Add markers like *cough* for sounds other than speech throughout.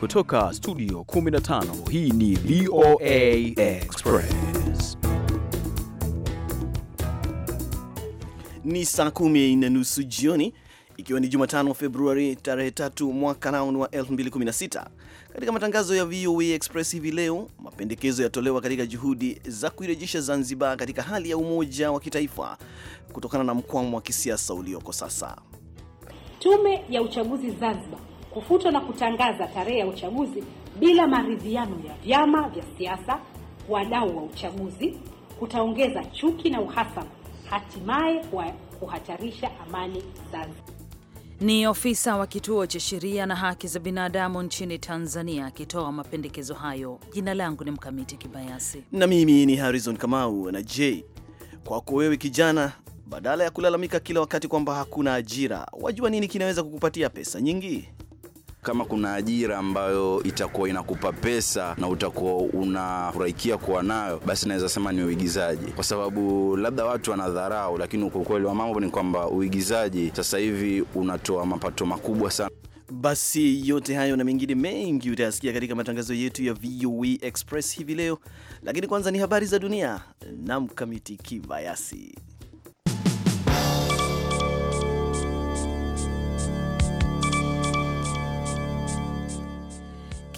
Kutoka studio 15 hii ni VOA Express. Ni saa kumi na nusu jioni ikiwa ni Jumatano Februari tarehe tatu mwaka naoni wa 2016. Katika matangazo ya VOA Express hivi leo, mapendekezo yatolewa katika juhudi za kuirejesha Zanzibar katika hali ya umoja wa kitaifa kutokana na mkwamo wa kisiasa ulioko sasa. Tume ya uchaguzi Zanzibar kufutwa na kutangaza tarehe ya uchaguzi bila maridhiano ya vyama vya siasa, wadau wa uchaguzi, kutaongeza chuki na uhasama, hatimaye kuhatarisha amani Zanzibar. Ni ofisa wa kituo cha sheria na haki za binadamu nchini Tanzania akitoa mapendekezo hayo. Jina langu ni Mkamiti Kibayasi na mimi ni Harrison Kamau. Na j kwako wewe kijana, badala ya kulalamika kila wakati kwamba hakuna ajira, wajua nini kinaweza kukupatia pesa nyingi? kama kuna ajira ambayo itakuwa inakupa pesa na utakuwa unafurahikia kuwa nayo, basi naweza sema ni uigizaji, kwa sababu labda watu wanadharau, lakini kwa ukweli wa mambo ni kwamba uigizaji sasa hivi unatoa mapato makubwa sana. Basi yote hayo na mengine mengi utayasikia katika matangazo yetu ya VOA e Express hivi leo, lakini kwanza ni habari za dunia na Mkamiti Kibayasi.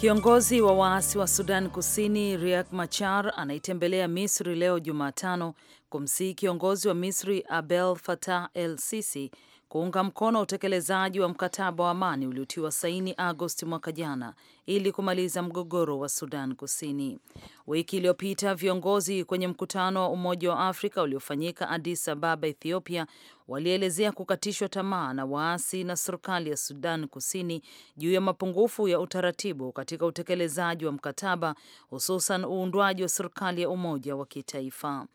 Kiongozi wa waasi wa Sudan Kusini Riek Machar anaitembelea Misri leo Jumatano kumsihi kiongozi wa Misri Abdel Fattah el Sisi kuunga mkono utekelezaji wa mkataba wa amani uliotiwa saini Agosti mwaka jana ili kumaliza mgogoro wa Sudan Kusini. Wiki iliyopita viongozi kwenye mkutano wa Umoja wa Afrika uliofanyika Addis Ababa, Ethiopia, walielezea kukatishwa tamaa na waasi na serikali ya Sudan Kusini juu ya mapungufu ya utaratibu katika utekelezaji wa mkataba, hususan uundwaji wa serikali ya umoja wa kitaifa.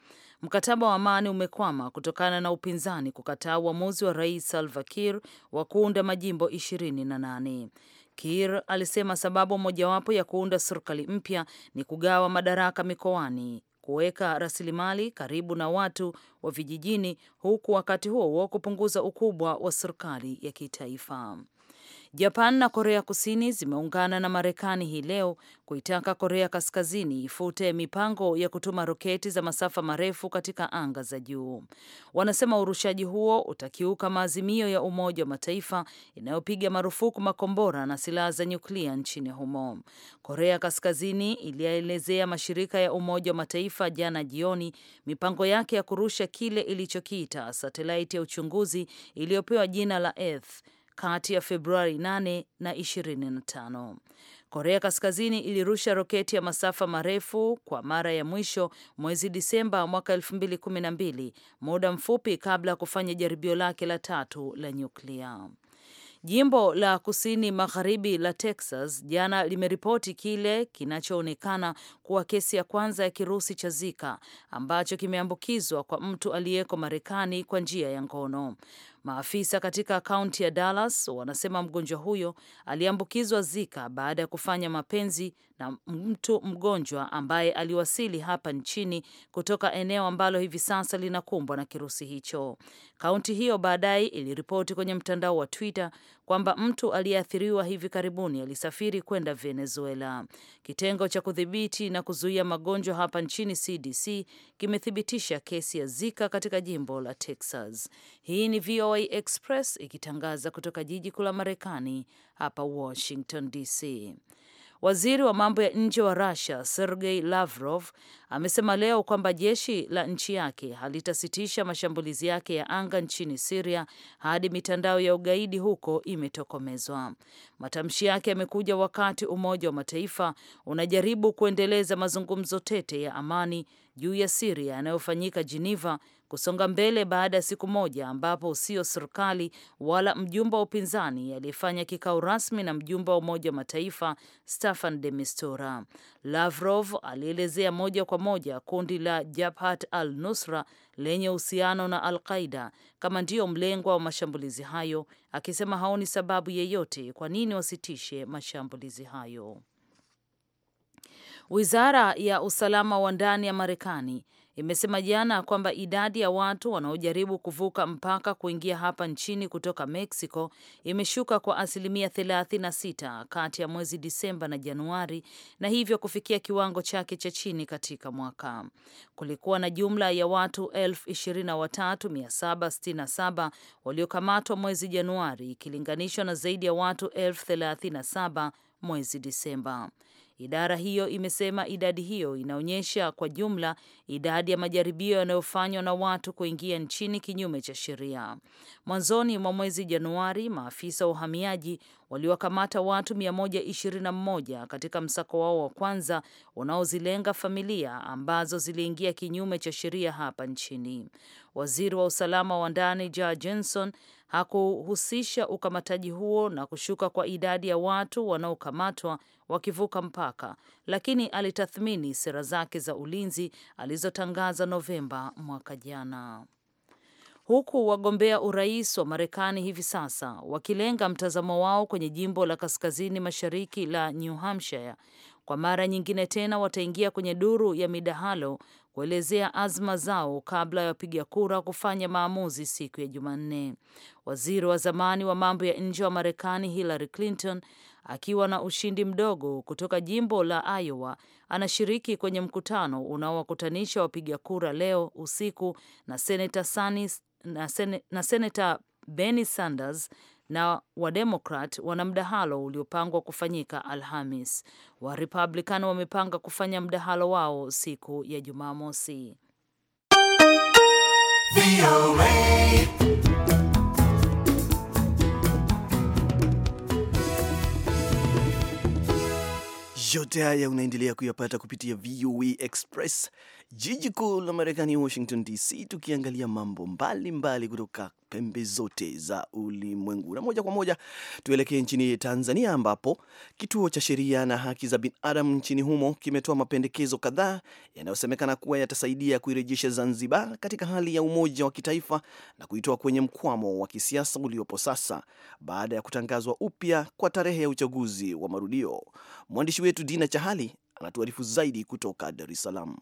Mkataba wa amani umekwama kutokana na upinzani kukataa uamuzi wa Rais Salva Kiir wa kuunda majimbo ishirini na nane. Kiir alisema sababu mojawapo ya kuunda serikali mpya ni kugawa madaraka mikoani kuweka rasilimali karibu na watu wa vijijini huku wakati huo huo kupunguza ukubwa wa serikali ya kitaifa. Japan na Korea Kusini zimeungana na Marekani hii leo kuitaka Korea Kaskazini ifute mipango ya kutuma roketi za masafa marefu katika anga za juu. Wanasema urushaji huo utakiuka maazimio ya Umoja wa Mataifa inayopiga marufuku makombora na silaha za nyuklia nchini humo. Korea Kaskazini iliyaelezea mashirika ya Umoja wa Mataifa jana jioni mipango yake ya kurusha kile ilichokiita satelaiti ya uchunguzi iliyopewa jina la Earth kati ya Februari 8 na 25. Korea Kaskazini ilirusha roketi ya masafa marefu kwa mara ya mwisho mwezi Disemba mwaka 2012, muda mfupi kabla ya kufanya jaribio lake la tatu la nyuklia. Jimbo la kusini magharibi la Texas jana limeripoti kile kinachoonekana kuwa kesi ya kwanza ya kirusi cha Zika ambacho kimeambukizwa kwa mtu aliyeko Marekani kwa njia ya ngono. Maafisa katika kaunti ya Dallas wanasema mgonjwa huyo aliambukizwa Zika baada ya kufanya mapenzi na mtu mgonjwa ambaye aliwasili hapa nchini kutoka eneo ambalo hivi sasa linakumbwa na kirusi hicho. Kaunti hiyo baadaye iliripoti kwenye mtandao wa Twitter kwamba mtu aliyeathiriwa hivi karibuni alisafiri kwenda Venezuela. Kitengo cha kudhibiti na kuzuia magonjwa hapa nchini CDC kimethibitisha kesi ya Zika katika jimbo la Texas. Hii ni VOA Express ikitangaza kutoka jiji kuu la Marekani hapa Washington DC. Waziri wa mambo ya nje wa Rusia Sergei Lavrov amesema leo kwamba jeshi la nchi yake halitasitisha mashambulizi yake ya anga nchini Siria hadi mitandao ya ugaidi huko imetokomezwa. Matamshi yake yamekuja wakati Umoja wa Mataifa unajaribu kuendeleza mazungumzo tete ya amani juu ya Siria yanayofanyika jiniva kusonga mbele baada ya siku moja ambapo sio serikali wala mjumbe wa upinzani aliyefanya kikao rasmi na mjumbe wa Umoja wa Mataifa Staffan de Mistura. Lavrov alielezea moja kwa moja kundi la Jabhat al-Nusra lenye uhusiano na Al-Qaida kama ndiyo mlengwa wa mashambulizi hayo, akisema haoni sababu yeyote kwa nini wasitishe mashambulizi hayo. Wizara ya usalama wa ndani ya Marekani imesema jana kwamba idadi ya watu wanaojaribu kuvuka mpaka kuingia hapa nchini kutoka Mexico imeshuka kwa asilimia 36 kati ya mwezi Disemba na Januari, na hivyo kufikia kiwango chake cha chini katika mwaka. Kulikuwa na jumla ya watu 23767 waliokamatwa mwezi Januari ikilinganishwa na zaidi ya watu 37 mwezi Disemba. Idara hiyo imesema idadi hiyo inaonyesha kwa jumla idadi ya majaribio yanayofanywa na watu kuingia nchini kinyume cha sheria. Mwanzoni mwa mwezi Januari, maafisa wa uhamiaji waliwakamata watu 121 katika msako wao wa kwanza unaozilenga familia ambazo ziliingia kinyume cha sheria hapa nchini. Waziri wa usalama wa ndani Ja Jenson hakuhusisha ukamataji huo na kushuka kwa idadi ya watu wanaokamatwa wakivuka mpaka, lakini alitathmini sera zake za ulinzi alizotangaza Novemba mwaka jana. Huku wagombea urais wa Marekani hivi sasa wakilenga mtazamo wao kwenye jimbo la kaskazini mashariki la New Hampshire, kwa mara nyingine tena wataingia kwenye duru ya midahalo kuelezea azma zao kabla ya wapiga kura kufanya maamuzi siku ya Jumanne. Waziri wa zamani wa mambo ya nje wa Marekani Hillary Clinton akiwa na ushindi mdogo kutoka jimbo la Iowa anashiriki kwenye mkutano unaowakutanisha wapiga kura leo usiku na senata Sanis, na senata Bernie Sanders na Wademokrat wana mdahalo uliopangwa kufanyika Alhamis. Warepublican wamepanga kufanya mdahalo wao siku ya Jumamosi. Yote haya unaendelea kuyapata kupitia VOA Express, jiji kuu la Marekani, Washington DC, tukiangalia mambo mbalimbali kutoka pembe zote za ulimwengu. Na moja kwa moja tuelekee nchini Tanzania, ambapo kituo cha sheria na haki za binadamu nchini humo kimetoa mapendekezo kadhaa yanayosemekana kuwa yatasaidia kuirejesha Zanzibar katika hali ya umoja wa kitaifa na kuitoa kwenye mkwamo wa kisiasa uliopo sasa baada ya kutangazwa upya kwa tarehe ya uchaguzi wa marudio. Mwandishi wetu Dina Chahali anatuarifu zaidi kutoka Dar es Salaam.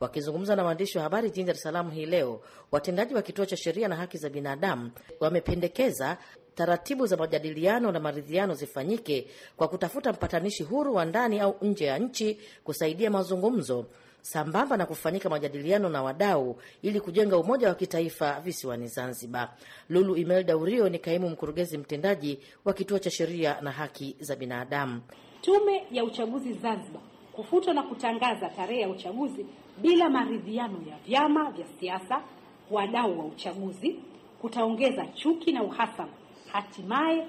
Wakizungumza na waandishi wa habari jijini Dar es Salaam hii leo, watendaji wa kituo cha sheria na haki za binadamu wamependekeza taratibu za majadiliano na maridhiano zifanyike kwa kutafuta mpatanishi huru wa ndani au nje ya nchi kusaidia mazungumzo sambamba na kufanyika majadiliano na wadau ili kujenga umoja wa kitaifa visiwani Zanzibar. Lulu Imelda Urio ni kaimu mkurugenzi mtendaji wa kituo cha sheria na haki za binadamu. Tume ya uchaguzi Zanzibar kufutwa na kutangaza tarehe ya uchaguzi bila maridhiano ya vyama vya siasa, wadau wa uchaguzi, kutaongeza chuki na uhasama, hatimaye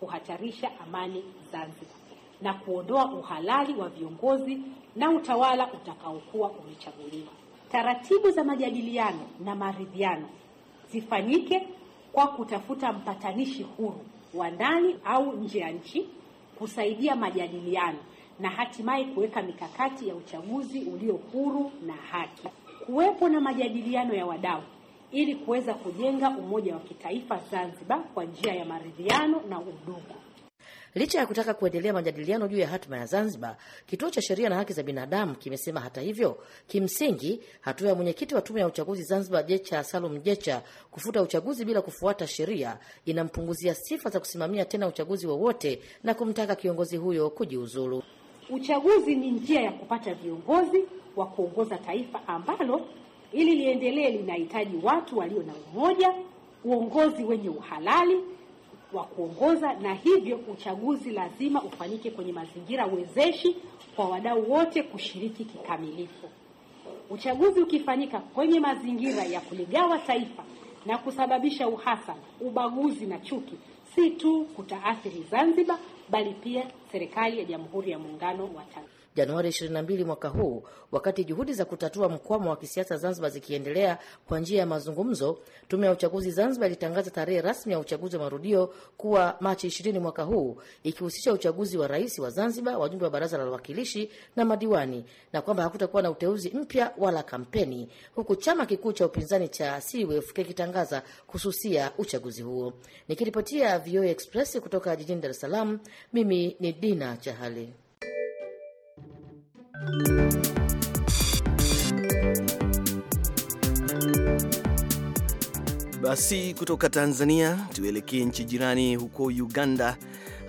kuhatarisha amani Zanzibar na kuondoa uhalali wa viongozi na utawala utakaokuwa umechaguliwa. Taratibu za majadiliano na maridhiano zifanyike kwa kutafuta mpatanishi huru wa ndani au nje ya nchi kusaidia majadiliano na hatimaye kuweka mikakati ya uchaguzi ulio huru na haki, kuwepo na majadiliano ya wadau ili kuweza kujenga umoja wa kitaifa Zanzibar kwa njia ya maridhiano na udugu. Licha ya kutaka kuendelea majadiliano juu ya hatima ya Zanzibar, kituo cha sheria na haki za binadamu kimesema hata hivyo, kimsingi hatua ya mwenyekiti wa tume ya uchaguzi Zanzibar Jecha Salum Jecha kufuta uchaguzi bila kufuata sheria inampunguzia sifa za kusimamia tena uchaguzi wowote na kumtaka kiongozi huyo kujiuzulu. Uchaguzi ni njia ya kupata viongozi wa kuongoza taifa ambalo ili liendelee linahitaji watu walio na umoja, uongozi wenye uhalali wa kuongoza, na hivyo uchaguzi lazima ufanyike kwenye mazingira wezeshi kwa wadau wote kushiriki kikamilifu. Uchaguzi ukifanyika kwenye mazingira ya kuligawa taifa na kusababisha uhasama, ubaguzi na chuki, si tu kutaathiri Zanzibar bali pia serikali ya Jamhuri ya Muungano wa Tanzania. Januari 22 mwaka huu, wakati juhudi za kutatua mkwamo wa kisiasa Zanzibar zikiendelea kwa njia ya mazungumzo, tume ya uchaguzi Zanzibar ilitangaza tarehe rasmi ya uchaguzi wa marudio kuwa Machi 20 mwaka huu, ikihusisha uchaguzi wa rais wa Zanzibar, wajumbe wa baraza la wawakilishi na madiwani, na kwamba hakutakuwa na uteuzi mpya wala kampeni, huku chama kikuu cha upinzani cha CUF kikitangaza kususia uchaguzi huo. Nikiripotia VOA e Express kutoka jijini Dar es Salaam, mimi ni Dina Chahali. Basi kutoka Tanzania tuelekee nchi jirani huko Uganda,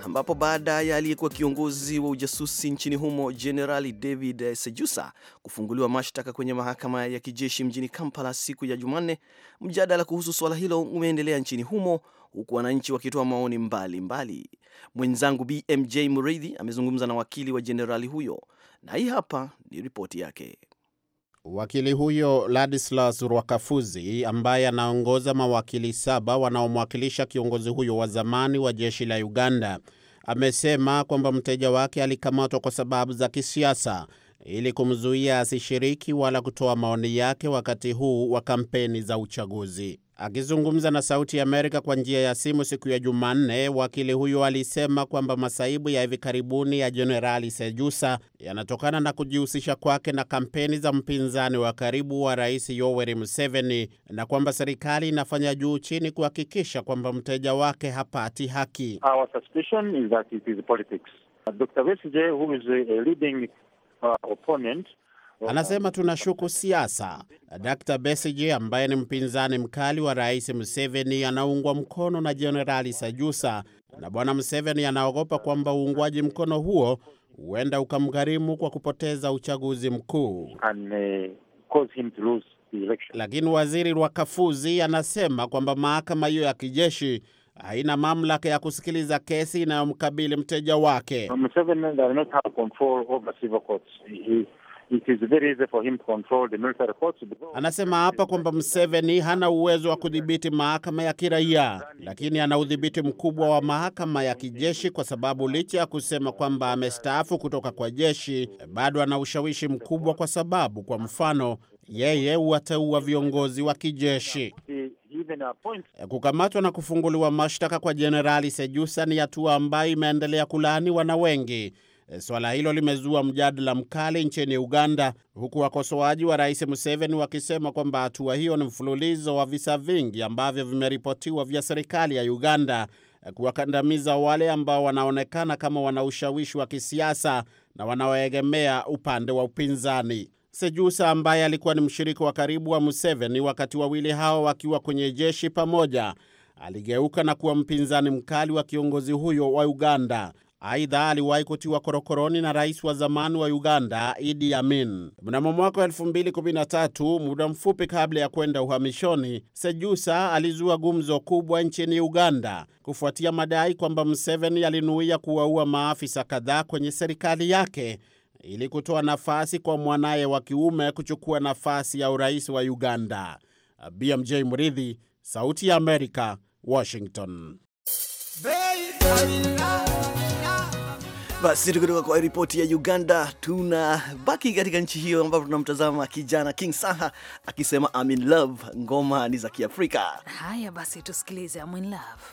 ambapo baada ya aliyekuwa kiongozi wa ujasusi nchini humo Jenerali David Sejusa kufunguliwa mashtaka kwenye mahakama ya kijeshi mjini Kampala siku ya Jumanne, mjadala kuhusu suala hilo umeendelea nchini humo huku wananchi wakitoa maoni mbalimbali Mwenzangu BMJ Muridhi amezungumza na wakili wa jenerali huyo na hii hapa ni ripoti yake. Wakili huyo Ladislas Rwakafuzi, ambaye anaongoza mawakili saba wanaomwakilisha kiongozi huyo wa zamani wa jeshi la Uganda, amesema kwamba mteja wake alikamatwa kwa sababu za kisiasa ili kumzuia asishiriki wala kutoa maoni yake wakati huu wa kampeni za uchaguzi. Akizungumza na Sauti ya Amerika kwa njia ya simu siku ya Jumanne, wakili huyo alisema kwamba masaibu ya hivi karibuni ya Jenerali Sejusa yanatokana na kujihusisha kwake na kampeni za mpinzani wa karibu wa Rais Yoweri Museveni na kwamba serikali inafanya juu chini kuhakikisha kwamba mteja wake hapati haki. Our suspicion is that it is politics. Dr. Besigye, who is a leading, uh, opponent Anasema tunashuku siasa. Dr Besigye ambaye ni mpinzani mkali wa Rais Museveni anaungwa mkono na Jenerali Sajusa, na Bwana Museveni anaogopa kwamba uungwaji mkono huo huenda ukamgharimu kwa kupoteza uchaguzi mkuu And, uh, lakini waziri Rwakafuzi anasema kwamba mahakama hiyo ya kijeshi haina mamlaka ya kusikiliza kesi inayomkabili mteja wake. Anasema hapa kwamba Museveni hana uwezo wa kudhibiti mahakama ya kiraia, lakini ana udhibiti mkubwa wa mahakama ya kijeshi, kwa sababu licha ya kusema kwamba amestaafu kutoka kwa jeshi, bado ana ushawishi mkubwa, kwa sababu kwa mfano yeye huwateua viongozi wa kijeshi. Kukamatwa na kufunguliwa mashtaka kwa Jenerali Sejusa ni hatua ambayo imeendelea kulaaniwa na wengi Eh, swala hilo limezua mjadala mkali nchini Uganda, huku wakosoaji wa rais Museveni wakisema kwamba hatua hiyo ni mfululizo wa visa vingi ambavyo vimeripotiwa vya serikali ya Uganda eh, kuwakandamiza wale ambao wanaonekana kama wana ushawishi wa kisiasa na wanaoegemea upande wa upinzani. Sejusa ambaye alikuwa ni mshiriki wa karibu wa Museveni wakati wawili hao wakiwa kwenye jeshi pamoja, aligeuka na kuwa mpinzani mkali wa kiongozi huyo wa Uganda. Aidha, aliwahi kutiwa korokoroni na rais wa zamani wa Uganda Idi Amin. Mnamo mwaka 2013, muda mfupi kabla ya kwenda uhamishoni, Sejusa alizua gumzo kubwa nchini Uganda kufuatia madai kwamba Museveni alinuia kuwaua maafisa kadhaa kwenye serikali yake ili kutoa nafasi kwa mwanaye wa kiume kuchukua nafasi ya urais wa Uganda. BMJ Mridhi, Sauti ya Amerika, Washington. Baby, basi tukitoka kwa ripoti ya Uganda, tuna baki katika nchi hiyo ambapo tunamtazama kijana King Saha akisema I'm in love. Ngoma ni za Kiafrika. Haya basi, tusikilize I'm in love.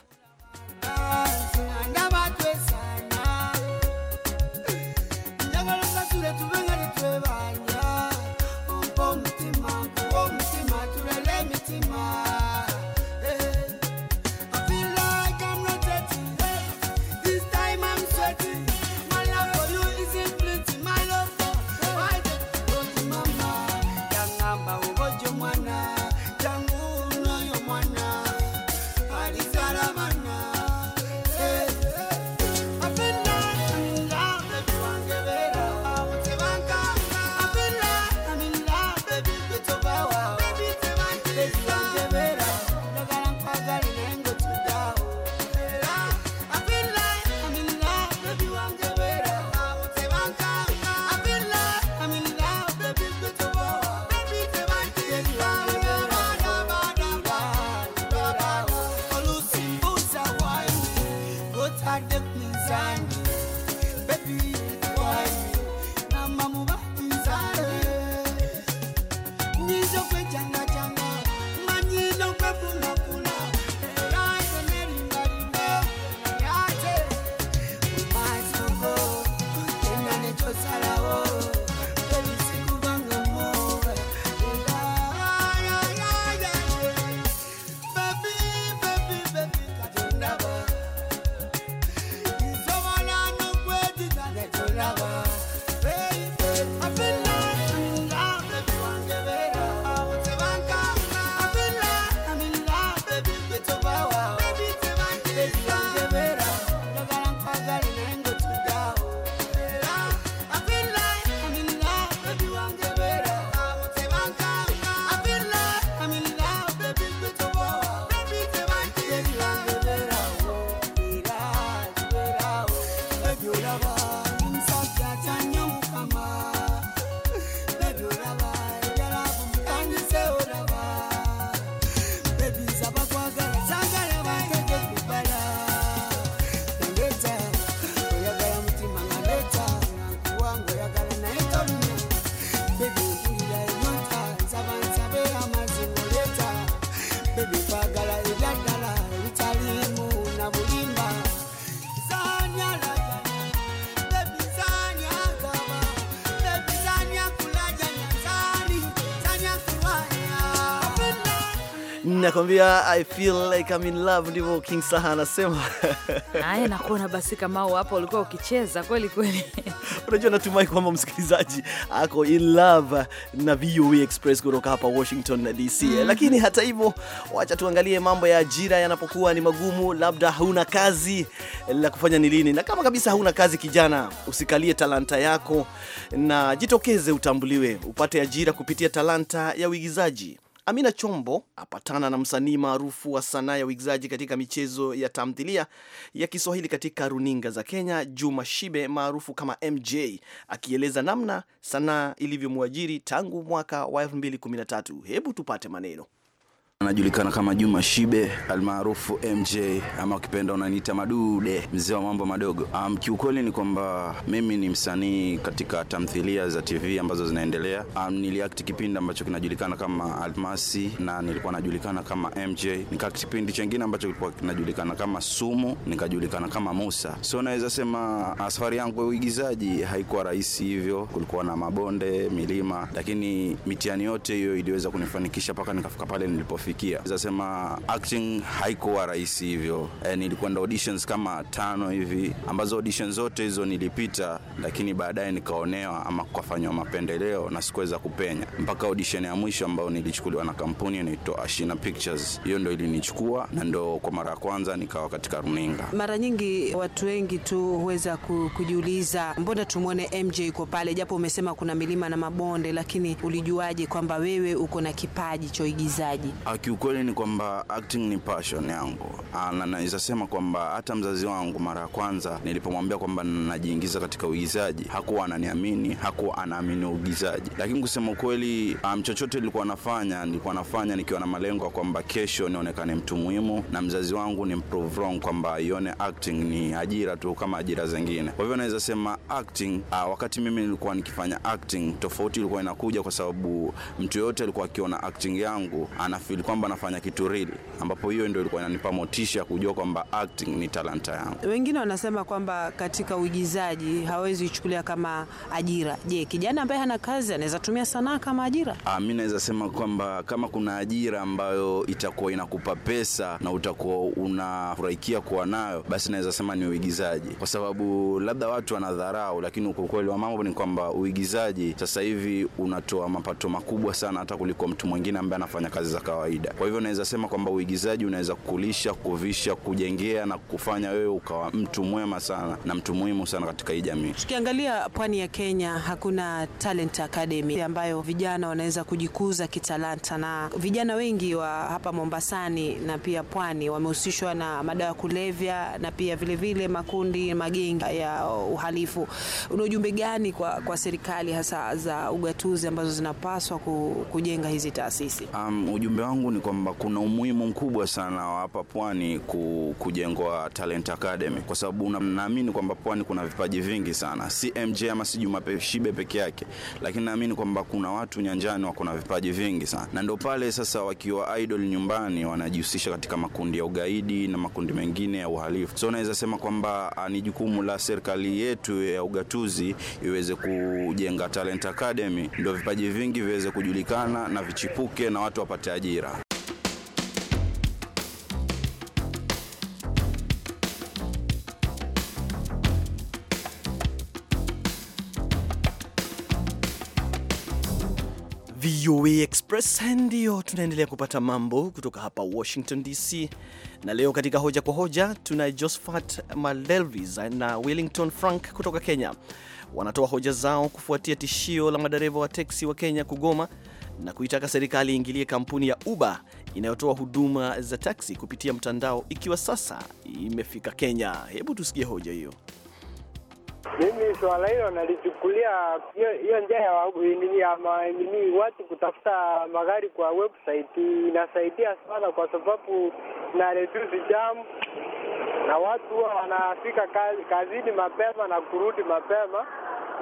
nakwambia I feel like I'm in love, ndivyo King Saha anasema. *laughs* Haya, nakuona basi kama hapo ulikuwa ukicheza kweli kweli. *laughs* Unajua, natumai kwamba msikilizaji ako in love na VOA e Express kutoka hapa Washington DC. Mm -hmm. Lakini hata hivyo, wacha tuangalie mambo ya ajira yanapokuwa ni magumu, labda huna kazi la kufanya ni lini, na kama kabisa huna kazi, kijana, usikalie talanta yako na jitokeze, utambuliwe, upate ajira kupitia talanta ya uigizaji. Amina Chombo apatana na msanii maarufu wa sanaa ya uigizaji katika michezo ya tamthilia ya Kiswahili katika runinga za Kenya, Juma Shibe maarufu kama MJ, akieleza namna sanaa ilivyomwajiri tangu mwaka wa 2013. Hebu tupate maneno. Anajulikana kama Juma Shibe almaarufu MJ ama ukipenda unaniita Madude, mzee wa mambo madogo. Um, kiukweli ni kwamba mimi ni msanii katika tamthilia za TV ambazo zinaendelea. Um, niliakti kipindi ambacho kinajulikana kama Almasi na nilikuwa najulikana kama MJ, nika kipindi chengine ambacho kilikuwa kinajulikana kama Sumu, nikajulikana kama Musa. So naweza sema ah, safari yangu ya uigizaji haikuwa rahisi hivyo, kulikuwa na mabonde, milima, lakini mitihani yote hiyo iliweza kunifanikisha mpaka nikafika pale nilipo kufikia. sema acting haikuwa rahisi hivyo. E, eh, nilikuwa na auditions kama tano hivi ambazo auditions zote hizo nilipita, lakini baadaye nikaonewa ama kufanywa mapendeleo na sikuweza kupenya mpaka audition ya mwisho ambayo nilichukuliwa na kampuni inaitwa Ashina Pictures. Hiyo ndo ilinichukua na ndo kwa mara ya kwanza nikawa katika runinga. Mara nyingi watu wengi tu huweza kujiuliza mbona tumwone MJ yuko pale, japo umesema kuna milima na mabonde, lakini ulijuaje kwamba wewe uko na kipaji cha uigizaji? Kiukweli ni kwamba acting ni passion yangu, ah, na naweza sema kwamba hata mzazi wangu mara ya kwanza nilipomwambia kwamba najiingiza katika uigizaji hakuwa ananiamini, hakuwa anaamini uigizaji. Lakini kusema ukweli, um, chochote nilikuwa nafanya nilikuwa nafanya nikiwa na malengo ya kwamba kesho nionekane mtu muhimu, na mzazi wangu ni prove wrong kwamba ione acting ni ajira tu kama ajira zingine. Kwa hivyo naweza sema acting, uh, wakati mimi nilikuwa nikifanya acting, tofauti ilikuwa inakuja kwa sababu mtu yoyote alikuwa akiona acting yangu ana feel kwamba nafanya kitu real, ambapo hiyo ndio ilikuwa inanipa motisha kujua kwamba acting ni talanta yangu. Wengine wanasema kwamba katika uigizaji hawezi kuchukulia kama ajira. Je, kijana ambaye hana kazi anaweza tumia sanaa kama ajira? Ah, mimi naweza sema kwamba kama kuna ajira ambayo itakuwa inakupa pesa na utakuwa unafurahikia kuwa nayo, basi naweza sema ni uigizaji, kwa sababu labda watu wanadharau, lakini ukweli wa mambo ni kwamba uigizaji sasa hivi unatoa mapato makubwa sana hata kuliko mtu mwingine ambaye anafanya kazi za kawaida kawaida. Kwa hivyo naweza sema kwamba uigizaji unaweza kukulisha, kuvisha, kujengea na kufanya wewe ukawa mtu mwema sana na mtu muhimu sana katika hii jamii. Tukiangalia pwani ya Kenya, hakuna talent academy ambayo vijana wanaweza kujikuza kitalanta, na vijana wengi wa hapa Mombasani na pia pwani wamehusishwa na madawa ya kulevya na pia vilevile vile makundi magengi ya uhalifu. Una ujumbe gani kwa, kwa serikali hasa za ugatuzi ambazo zinapaswa kujenga hizi taasisi? Um, ujumbe wangu yangu ni kwamba kuna umuhimu mkubwa sana wa hapa pwani kujengwa Talent Academy, kwa sababu naamini kwamba pwani kuna vipaji vingi sana, si MJ ama si Juma Shibe peke yake, lakini naamini kwamba kuna watu nyanjani wako na vipaji vingi sana, na ndo pale sasa wakiwa idol nyumbani wanajihusisha katika makundi ya ugaidi na makundi mengine ya uhalifu. So naweza sema kwamba ni jukumu la serikali yetu ya ugatuzi iweze kujenga Talent Academy, ndo vipaji vingi viweze kujulikana na vichipuke na watu wapate ajira. VOA Express ndio tunaendelea kupata mambo kutoka hapa Washington DC, na leo katika hoja kwa hoja tuna Josephat Malelvis na Wellington Frank kutoka Kenya. Wanatoa hoja zao kufuatia tishio la madereva wa teksi wa Kenya kugoma na kuitaka serikali iingilie kampuni ya Uber inayotoa huduma za taksi kupitia mtandao ikiwa sasa imefika Kenya. Hebu tusikie hoja hiyo. Mimi swala hilo nalichukulia hiyo njia ya watu kutafuta magari kwa website inasaidia sana, kwa sababu na reduce jam na watu huwa wanafika kazi, kazini mapema na kurudi mapema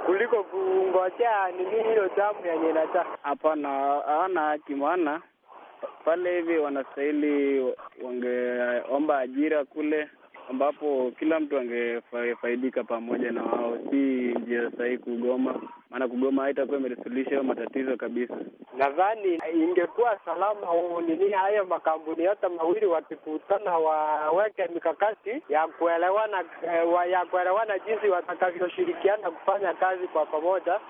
kuliko kungojea nini hiyo jamu yenye inacha. Hapana, hawana haki, maana pale hivi wanastahili wangeomba ajira kule ambapo kila mtu angefaidika pamoja na wao. Si njia sahihi kugoma, maana kugoma haitakuwa imesuluhisha hayo matatizo kabisa. Nadhani ingekuwa salama nini, hayo makampuni yote mawili wakikutana, waweke mikakati ya kuelewana, eh, ya kuelewana jinsi watakavyoshirikiana kufanya kazi kwa pamoja,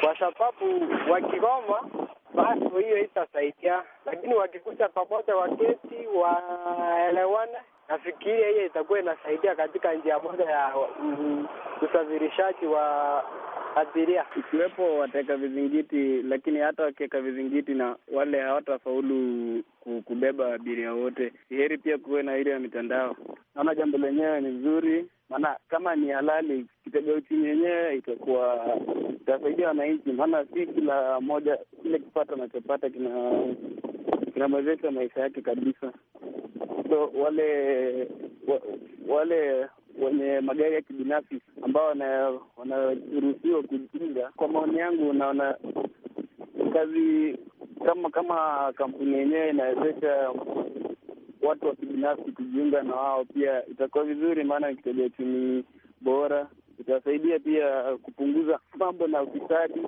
kwa sababu wakigoma basi hiyo itasaidia, lakini wakikuja pamoja, waketi waelewane nafikiri hiyo itakuwa inasaidia katika njia moja ya mm, usafirishaji wa abiria, ikiwepo wataweka vizingiti, lakini hata wakiweka vizingiti na wale hawatafaulu kubeba abiria wote. Si heri pia kuwe na ile ya mitandao. Naona jambo lenyewe ni zuri, maana kama ni halali kitega uchumi yenyewe itakuwa itasaidia wananchi, maana si kila moja kile kipato anachopata kina kinamwezesha maisha yake kabisa ndo wale wa, wale wenye magari ya kibinafsi ambao wanaruhusiwa kujinga. kwa maoni yangu, naona kazi kama kama kampuni yenyewe inawezesha watu wa kibinafsi kujiunga na wao pia itakuwa vizuri, maana ni kitega uchumi bora, itasaidia pia kupunguza mambo na ufisadi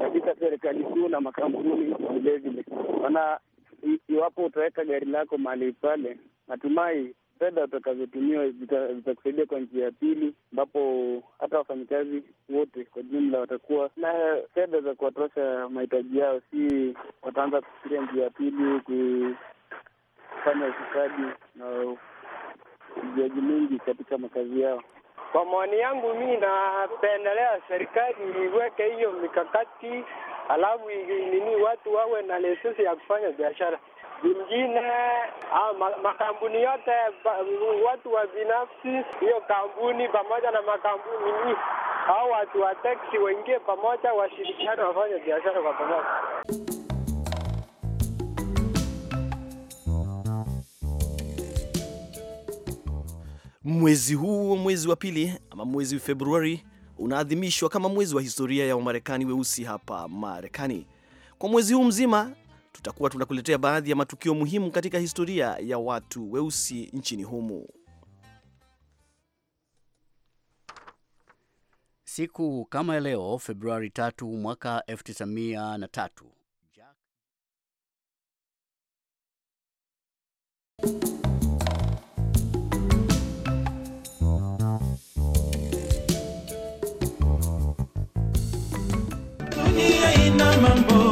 katika serikali kuu na makampuni vilevile, maana iwapo utaweka gari lako mahali pale Natumai fedha zitakazotumiwa zitakusaidia kwa njia ya pili, ambapo hata wafanyikazi wote kwa jumla watakuwa na fedha za kuwatosha mahitaji yao, si wataanza kufikiria njia ya pili, kufanya ufisadi na ujiaji mwingi katika makazi yao. Kwa maoni yangu, mi napendelea serikali iweke hiyo mikakati, alafu nini, watu wawe na lesesi ya kufanya biashara vingine au ah, makampuni yote, watu wa binafsi, hiyo kampuni pamoja na makampuni ni au watu wa teksi waingie pamoja, washirikiane, wafanye biashara kwa pamoja. Mwezi huu mwezi wa pili ama mwezi Februari unaadhimishwa kama mwezi wa historia ya Wamarekani weusi hapa Marekani. Kwa mwezi huu mzima tutakuwa tunakuletea baadhi ya matukio muhimu katika historia ya watu weusi nchini humo. Siku kama leo Februari 3 mwaka 1903 dunia ina mambo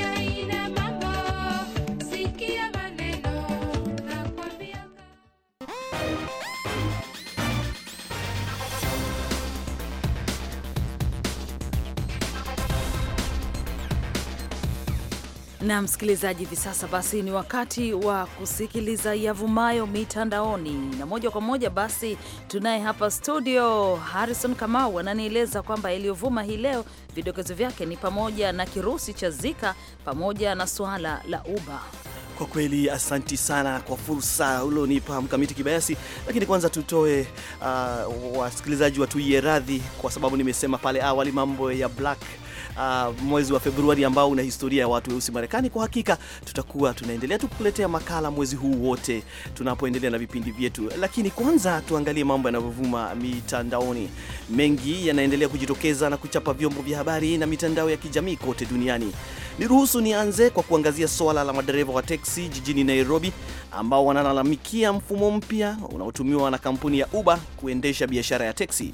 na msikilizaji, hivi sasa basi ni wakati wa kusikiliza yavumayo mitandaoni, na moja kwa moja basi tunaye hapa studio Harrison Kamau ananieleza kwamba yaliyovuma hii leo, vidokezo vyake ni pamoja na kirusi cha Zika pamoja na suala la Uber. Kwa kweli asanti sana kwa fursa ulionipa Mkamiti Kibayasi, lakini kwanza tutoe uh, wasikilizaji watuie radhi kwa sababu nimesema pale awali mambo ya black uh, mwezi wa Februari ambao una historia ya watu weusi Marekani. Kwa hakika tutakuwa tunaendelea tukuletea makala mwezi huu wote tunapoendelea na vipindi vyetu, lakini kwanza tuangalie mambo yanavyovuma mitandaoni. Mengi yanaendelea kujitokeza na kuchapa vyombo vya habari na mitandao ya kijamii kote duniani. Niruhusu nianze kwa kuangazia swala la madereva wa teksi jijini Nairobi ambao wanalalamikia mfumo mpya unaotumiwa na kampuni ya Uber kuendesha biashara ya teksi.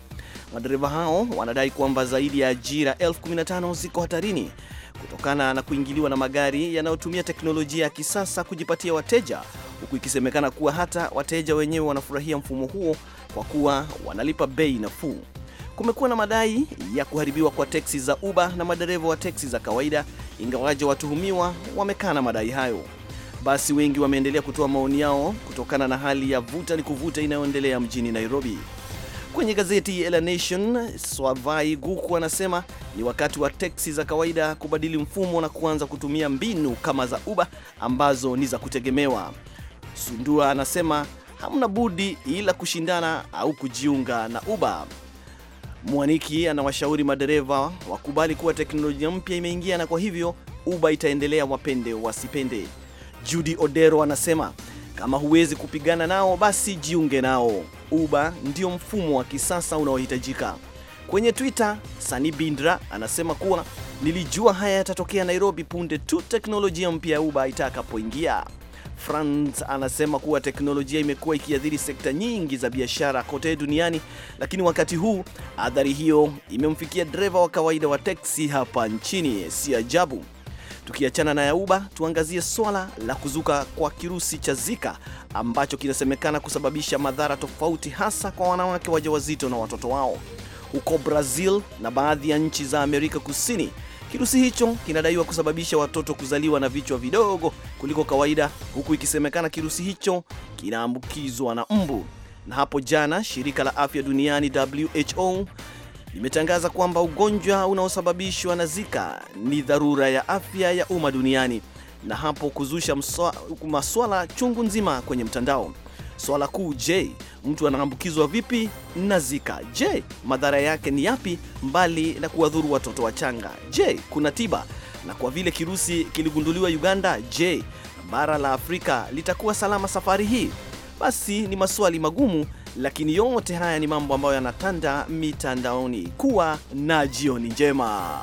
Madereva hao wanadai kwamba zaidi ya ajira elfu 15 ziko hatarini kutokana na kuingiliwa na magari yanayotumia teknolojia ya kisasa kujipatia wateja, huku ikisemekana kuwa hata wateja wenyewe wanafurahia mfumo huo kwa kuwa wanalipa bei nafuu. Kumekuwa na madai ya kuharibiwa kwa teksi za Uber na madereva wa teksi za kawaida, ingawaje watuhumiwa wamekana madai hayo. Basi wengi wameendelea kutoa maoni yao kutokana na hali ya vuta ni kuvuta inayoendelea mjini Nairobi. Kwenye gazeti la Nation, Swavai Guku anasema ni wakati wa teksi za kawaida kubadili mfumo na kuanza kutumia mbinu kama za Uber ambazo ni za kutegemewa. Sundua anasema hamna budi ila kushindana au kujiunga na Uber. Mwaniki anawashauri madereva wakubali kuwa teknolojia mpya imeingia na kwa hivyo Uber itaendelea, wapende wasipende. Judy Odero anasema kama huwezi kupigana nao basi jiunge nao. Uber ndio mfumo wa kisasa unaohitajika. Kwenye Twitter, Sani Bindra anasema kuwa nilijua haya yatatokea Nairobi punde tu teknolojia mpya ya Uber itakapoingia. Franz anasema kuwa teknolojia imekuwa ikiathiri sekta nyingi za biashara kote duniani, lakini wakati huu adhari hiyo imemfikia dereva wa kawaida wa teksi hapa nchini, si ajabu. Tukiachana na yauba tuangazie swala la kuzuka kwa kirusi cha Zika ambacho kinasemekana kusababisha madhara tofauti, hasa kwa wanawake wajawazito na watoto wao. Huko Brazil na baadhi ya nchi za Amerika Kusini, kirusi hicho kinadaiwa kusababisha watoto kuzaliwa na vichwa vidogo kuliko kawaida, huku ikisemekana kirusi hicho kinaambukizwa na mbu. Na hapo jana shirika la afya duniani WHO imetangaza kwamba ugonjwa unaosababishwa na Zika ni dharura ya afya ya umma duniani na hapo kuzusha maswala chungu nzima kwenye mtandao. Swala kuu, je, mtu anaambukizwa vipi na Zika? Je, madhara yake ni yapi mbali na kuwadhuru watoto wachanga? Je, kuna tiba? Na kwa vile kirusi kiligunduliwa Uganda, je, bara la Afrika litakuwa salama safari hii? Basi ni maswali magumu, lakini yote haya ni mambo ambayo yanatanda mitandaoni. Kuwa na jioni njema.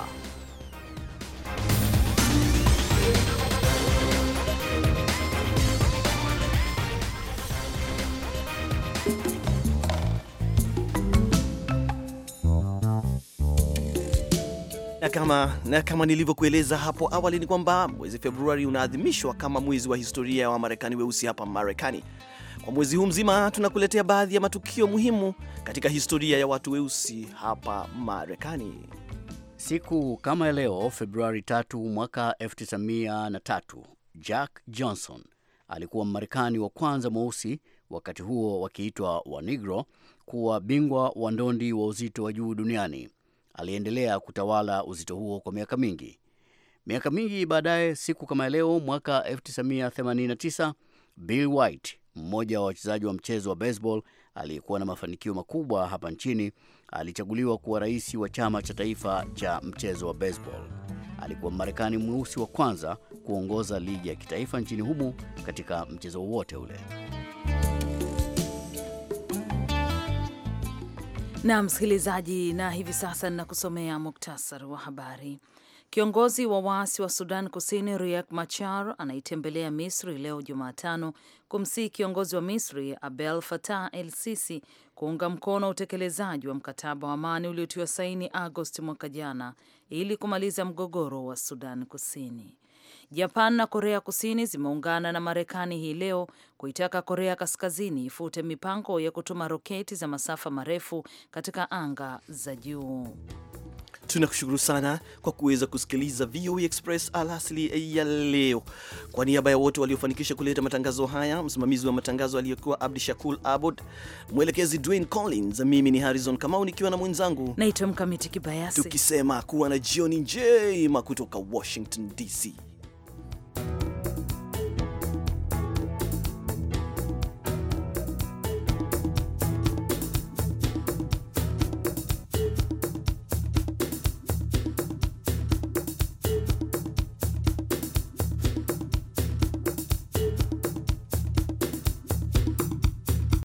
Na kama, na kama nilivyokueleza hapo awali ni kwamba mwezi Februari unaadhimishwa kama mwezi wa historia ya Wamarekani weusi hapa Marekani. Kwa mwezi huu mzima tunakuletea baadhi ya matukio muhimu katika historia ya watu weusi hapa Marekani. Siku kama leo Februari 3 mwaka 1903 Jack Johnson alikuwa Mmarekani wa kwanza mweusi, wakati huo wakiitwa wa negro kuwa bingwa wa ndondi wa uzito wa juu duniani. Aliendelea kutawala uzito huo kwa miaka mingi. Miaka mingi baadaye, siku kama leo mwaka 1989, Bill White mmoja wa wachezaji wa mchezo wa baseball aliyekuwa na mafanikio makubwa hapa nchini alichaguliwa kuwa rais wa chama cha taifa cha mchezo wa baseball. Alikuwa marekani mweusi wa kwanza kuongoza ligi ya kitaifa nchini humo katika mchezo wowote ule. Na msikilizaji, na hivi sasa ninakusomea muktasari wa habari. Kiongozi wa waasi wa Sudan Kusini Riek Machar anaitembelea Misri leo Jumatano kumsihi kiongozi wa Misri Abdel Fattah el Sisi kuunga mkono utekelezaji wa mkataba wa amani uliotiwa saini Agosti mwaka jana ili kumaliza mgogoro wa Sudan Kusini. Japan na Korea Kusini zimeungana na Marekani hii leo kuitaka Korea Kaskazini ifute mipango ya kutuma roketi za masafa marefu katika anga za juu. Tunakushukuru sana kwa kuweza kusikiliza VOA e Express alasili ya leo. Kwa niaba ya wote waliofanikisha kuleta matangazo haya, msimamizi wa matangazo aliyekuwa Abdi Shakul Abod, mwelekezi Dwayne Collins, mimi ni Harrison Kamau nikiwa na mwenzangu naitwa Mkamiti Kibayasi, tukisema kuwa na jioni njema kutoka Washington DC.